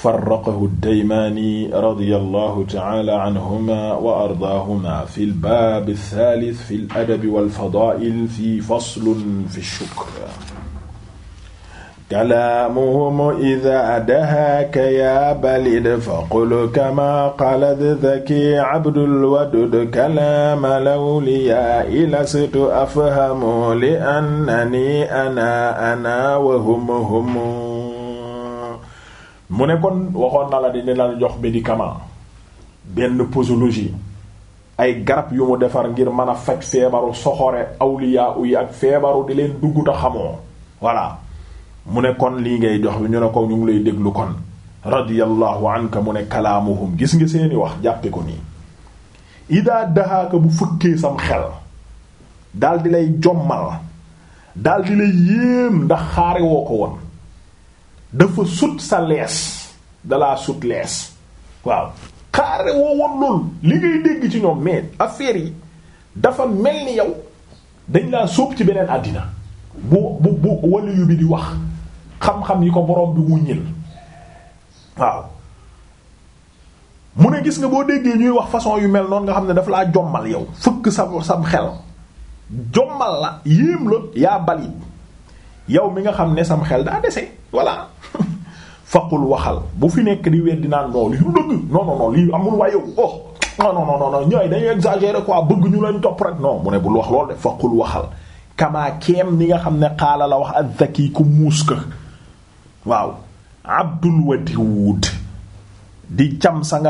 farraqahu daymaani radiyallahu ta'ala anhuma wa ardaahuma fil baab thaalith fil adabi wal fadaa'il fi faslun fi shukr. kalaamuhum idaa dahaaka yaa balid faqul kamaa qalad dhaki abdul wadud kalaama lawliyaa lastu afhamu li annani ana ana wa hum hum mu ne kon waxoon na la di dina la jox médicament benn posologie ay garab yu mu defar ngir mën a faj feebaru soxore awliya yi ak feebaru di leen dugg te xamoo voilà mu ne kon lii ngay jox bi ñu ne ko ñu ngi lay déglu kon radiyallahu anka mu ne kalaamuhum gis nga seeni wax jàppe ko nii ida dahaaka bu fukkee sam xel daldi lay jommal daldi lay yéem ndax xaare woo ko woon dafa sut sa lees dalaa sut lees waaw xaare woo woon loolu li ngay dégg ci ñoom mais affaire yi dafa mel ni yow dañ laa sóob ci beneen àddina bu bu bu waliyu bi di wax xam-xam yi ko boroom bi mu waaw mu ne gis nga boo déggee ñuy wax façon yu mel noonu nga xam ne dafa laa jommal yow fëkk sa sam xel jommal la yéem la yaa balit yow mi nga xam ne sam xel daa dese voilà faqul waxal bu fi nekk di weddi naan non lii du dëgg non non lii amul waaye oh non non non non ñooy dañuy exagérer bëgg ñu lañ topp rek non mu ne bul wax lool de faqul waxal. kamaa ni nga xam ne xaala la wax az-Zaki ku muus ka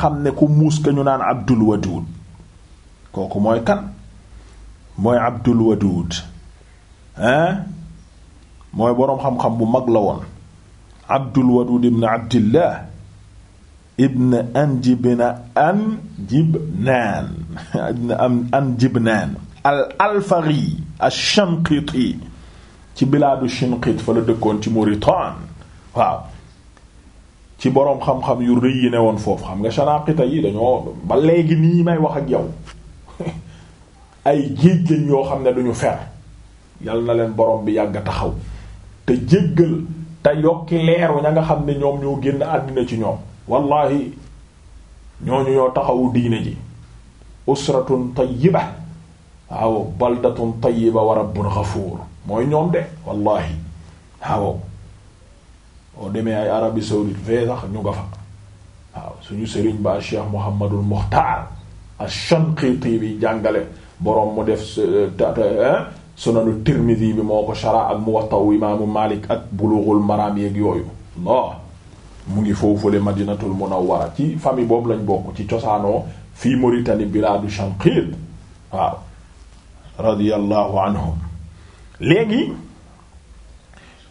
xam ne ku muus ka ñu naan Abdul Wadud kooku mooy kan mooy Abdul Wadud hein mooy boroom xam-xam bu mag la woon. Abdul Wadud ibn Abdillah ibn Anjibna Anjibnaan ibn Anjibnaan al Alfari ash-Shanqiti ci bilaadu Shinqit fa la dëkkoon ci Mauritanie waaw ci boroom xam-xam yu rëy yi ne woon foofu xam nga Shanaqita yi dañoo ba léegi nii may wax ak yow ay géej lañ yoo xam ne duñu fer yal na leen boroom bi yàgg a taxaw te jéggal te yokki leeru ña nga xam ne ñoom ñoo génn àddina ci ñoom wallahi ñooñu ñoo taxawu diine ji usratun tayyiba waaw baldatun tayyiba wa rabbun ghafuur mooy ñoom de wallahi waaw oo demee ay Arabie saoudite fee sax ñu nga fa waaw suñu sëriñ ba Cheikh Muhammadul Muxtaar ash-Shanqiti bi jàngale boroom mu def eh, sunanu Tirmidhi bi moo ko shara ak Muwatta imaamu Malik ak Bulughul Maram yeeg yooyu non mu ngi foofule Madinatul Munawwara ci famille boobu lañ bokk ci cosaanoo fii Mauritanie biladu Shanqid waaw radiyallahu anhum léegi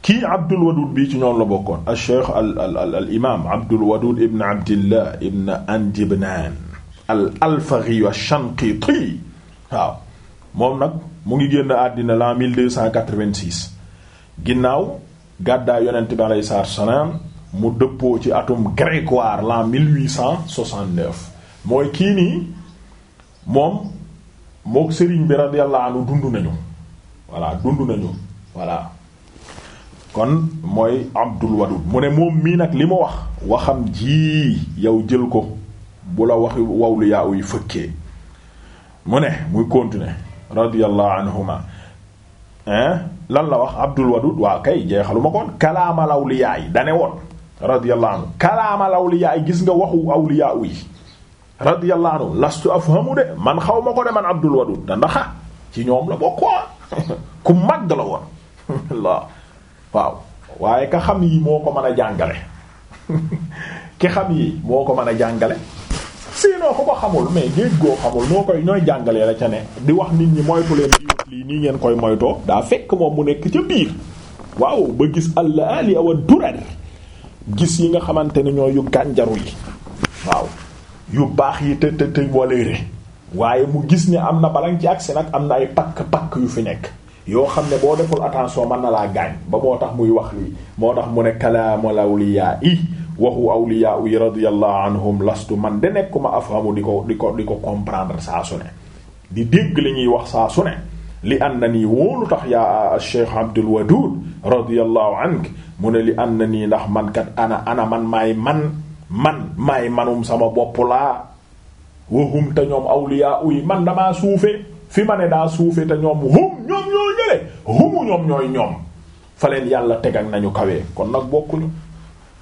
kii Abdul Wadud bii ci ñoom la bokkoon al cheikh al al al imaam Abdul Wadud ibn Abdillah ibn Anjibnaan al alfaghi wa Shanqiti moom nag mu ngi génn àddina l'an 1286 ginnaaw gàddaay yonent bi aleyhi salaatu salaam mu dëppoo ci atum grégoire l'an 1869 mooy kii nii moom mook sëriñ bi radiyallahu anhu dund nañu voilà dund nañu voilà kon mooy Abdul Wadud mu ne moom mii nag li ma wax waxam ji yow jël ko bu la waxi wawlu yaa uy fëkkee mu ne muy continuer radiyallahu anhuma lan la wax Abdul Wadud waaw kay jeexalu ma koon kalaama lawliyaay dane woon radiyallahu anhu kalaama lawliyaay gis nga waxu awliyaa yi radiyallahu anhu lastu afhamu de man xaw ma ko de man Abdul Wadud da ci ñoom la bokkoo ah. ku màgg la woon waaw waaye ka xam yi moo ko mën a jàngale ki xam yi moo ko mën a jàngale sinon ku ko xamul mais géej goo xamul noo koy ñooy jàngalee la ca ne di wax nit ñi moytu leen diwut lii nii ngeen koy moytoo daa fekk moom mu nekk ca biir waaw ba gis àll ali awa durar gis yi nga xamante ne ñooy yu gànjaru yi waaw yu baax yi te te te waleere waaye mu gis ni am na balan ci agsi nag am na ay pakk-pakk yu fi nekk yoo xam ne boo deful attention man na laa gaañ ba moo tax muy wax lii moo tax mu ne kalaamulawliyaa i waxu awliya yi radiyallahu lastu man de nekkuma afhamu di ko di ko di ko comprendre saa su di dégg li ñuy wax saa su ne li an na nii wóolu tax yaa ah, Cheikh Abdul Wadud radiyallahu anhu mu ne li an na nii ndax man kat ana man maay man man maay manum sama bopp laa wahum te ñoom awliya yi man damaa suufee fi ma ne daa suufe te ñoom hum ñoom ñooy ñoom fa leen yàlla tegal nañu kawee kon nag bokkuñu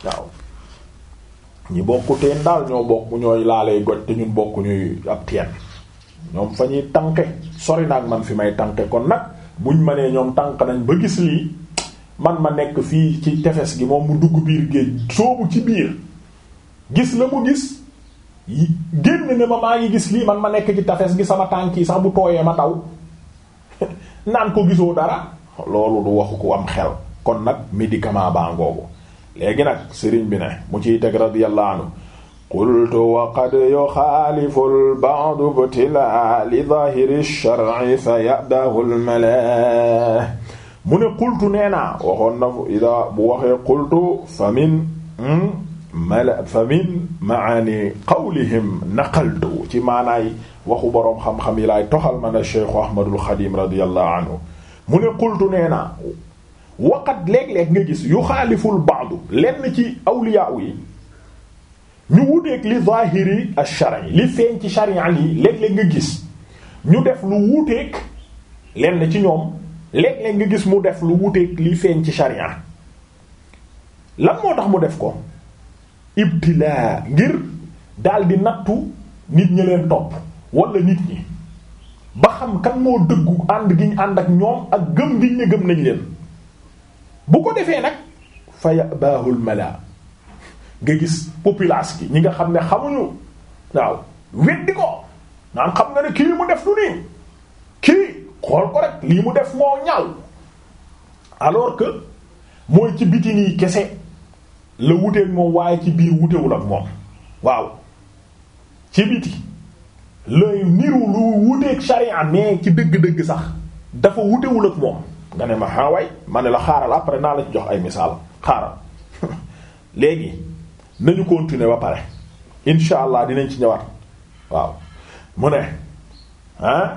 waaw ñi bokku teen daal ñoo bokk ñooy laalee goj te ñun bokk ab teen ñoom fa ñuy tànke sori naag man fi may tànke kon nag buñ ma nee ñoom tànk nañ ba gis lii man ma nekk fii ci tefes gi moom mu dugg biir géej soobu ci biir gis la mu gis génn ne ma maa ngi gis lii man ma nekk ci tefes gi sama tànk yi sax bu tooyee ma taw naan ko gisoo dara loolu du waxu ko am xel kon nag médicament baa ngoogu léegi nag sëriñ bi ne mu ciy teg radiyallahu anhu qultu wa qad yuxaalifu al-ba'du ibtilaa li zahiri ash-shar'i fa ya'dahu al-malah mu ne qultu nee naa waxoon na ida bu waxee qultu fa min hmm, mala fa min maani qawlihim naqaltu ci maanaay waxu boroom xam-xam yi laay toxal man a cheikhu ahmadul xadim radiyallahu anhu mu ne qultu nee naa waqat léeg-léeg nga gis yu xaaliful baadu lenn ci awliyaaw yi ñu wuteeg li zahiri ash-shar'i li feeñ ci sharia yi léeg-léeg nga gis ñu def lu wuteeg lenn ci ñoom léeg-léeg nga gis mu def lu wuteeg li feeñ ci sharia lan moo tax mu def ko ibtilaa ngir daal di nattu nit ñi leen topp wala nit ñi ba xam kan moo dëggu ànd gi ñu ànd ak ñoom ak gëm gi ñu gëm nañ leen bu ko defee nag fa yabahul mala nga gis populace gi ñi nga xam ne xamuñu waaw weddi ko naan xam nga ne kii mu def lu nii kii xool ko rek lii mu def moo ñaaw alors que mooy ci biti nii kese la wuteeg moom waaye ci biir wutewul ak moom waaw ci biti lay niru lu wuteeg sharia mais ci dëgg-dëgg sax dafa wutewul ak moom nga ne ma xaawaay ah, ma ne la xaaral après naa la ci jox ay misaal xaaral léegi nañu continuer ba pare insha allah dinañ ci ñëwaat waaw mu ne ah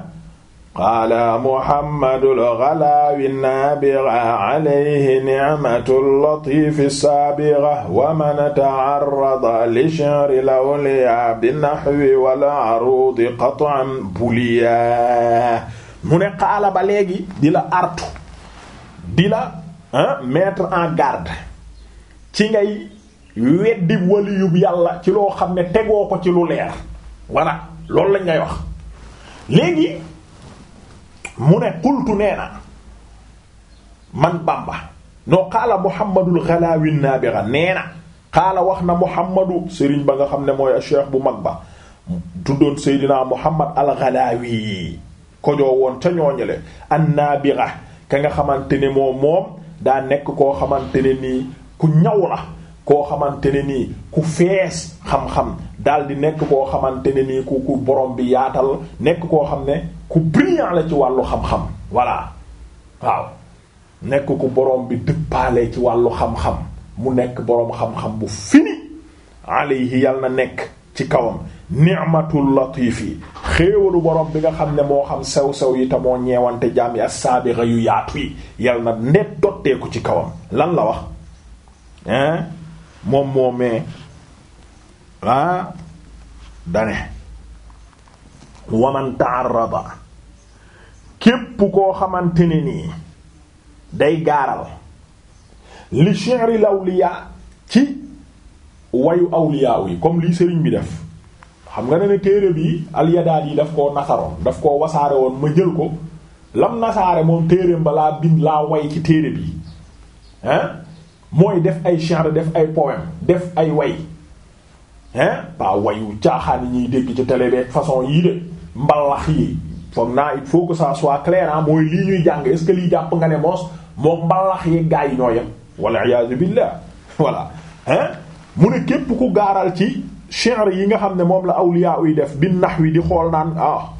qaala mohammadul ghalaawi naabiga alayhi ni'matul latifi saabiga wa man ta'arrada li shi'ril awliyaa bi nahwi wal aruudi qat'an buliya mu ne qaala ba léegi di la artu di la mettre en garde ci ngay weddi waliyub yàlla ci loo xam ne tegoo ko ci lu leer voilà loolu lañ ngay wax léegi mu ne qultu nee na man Bamba noo qaala Muhammadul Ghalawi naabiga nee na qaala wax na Muhammadu Serigne ba nga xam ne mooy cheikh bu mag ba tuddoon Seydina Muhammad al Ghalawi kojoo woon ca ñooñu le an naabiga ka nga xamante ne moom moom daa nekk koo xamante ne nii ku ñaw la koo xamante ne nii ku fees xam-xam daal di nekk koo xamante ne nii ku ku borom bi yaatal nekk koo xam ne ku brillant la ci wàllu xam-xam voilà waaw nekk ku boroom bi dëppaale ci wàllu xam-xam mu nekk borom xam-xam bu fini alayhi yàlla na nekk ci kawam ni'matul latifi xéewalu borom bi nga xam ne moo xam sew-sew yi te moo ñeewante jaam yi as-saabira yu yaatu yi yal na net dotteeku ci kawam lan la wax hein moom moo mee ah, dane waman ta'arrada képp koo xamante ne nii day gaaral li shi'ri lawliya ci wayu awliya yi comme lii sëriñ bi def xam nga ne ne téere bi alyadaat yi daf koo nasaroon daf koo wasaare woon ma jël ko lam nasaare moom téere ba laa bind laa way ci téere bi hein mooy def ay shi'r def ay poème def ay way hein pas wayu caaxaan yi ñuy dégg ci télé beeg façon yii de mbalax yi foog naa il faut que sa soit clair ah mooy lii ñuy jàng est que lii jàpp nga ne moos moom mbalax yi gaa yi ñoo yem wala iyaazu billah voilà hein mu ne képp ku gaaral ci shi'r yi nga xam ne moom la awliya uy def bi nax wi di xool naan ah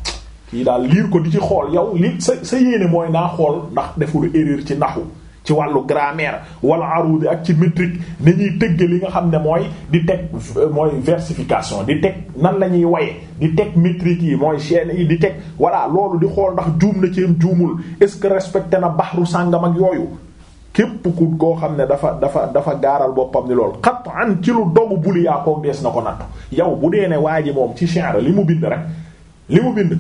kii daal liir ko di ci xool yow li sa sa yéene mooy naa xool ndax deful erreur ci naxu ci wàllu grammaire wala aruud ak ci métrique ni ñuy tëgg li nga xam ne mooy di teg mooy versification di teg nan la ñuy waye di teg métrique yi mooy chaîne yi di teg voilà loolu di xool ndax juum na ci juumul est-ce que respecté na baxru sàngam ak yooyu képp ku koo xam ne dafa dafa dafa gaaral boppam ni lool qat'an ci lu domu buli yaa koog dees na ko nattu yow bu dee ne waa ji moom ci shi'ra li mu bind rek li mu bind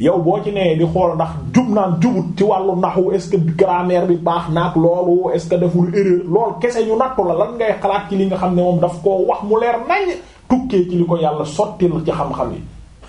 yow boo ci nee di xool ndax jub naan jubut ci wàllu naxu est-ce que grammaire bi baax naag loolu est-ce que deful erreur lool kese ñu nattu la lan ngay xalaat ci li nga xam ne moom daf koo wax mu leer nañ tukkee ci li ko yàlla sottil ci xam-xam yi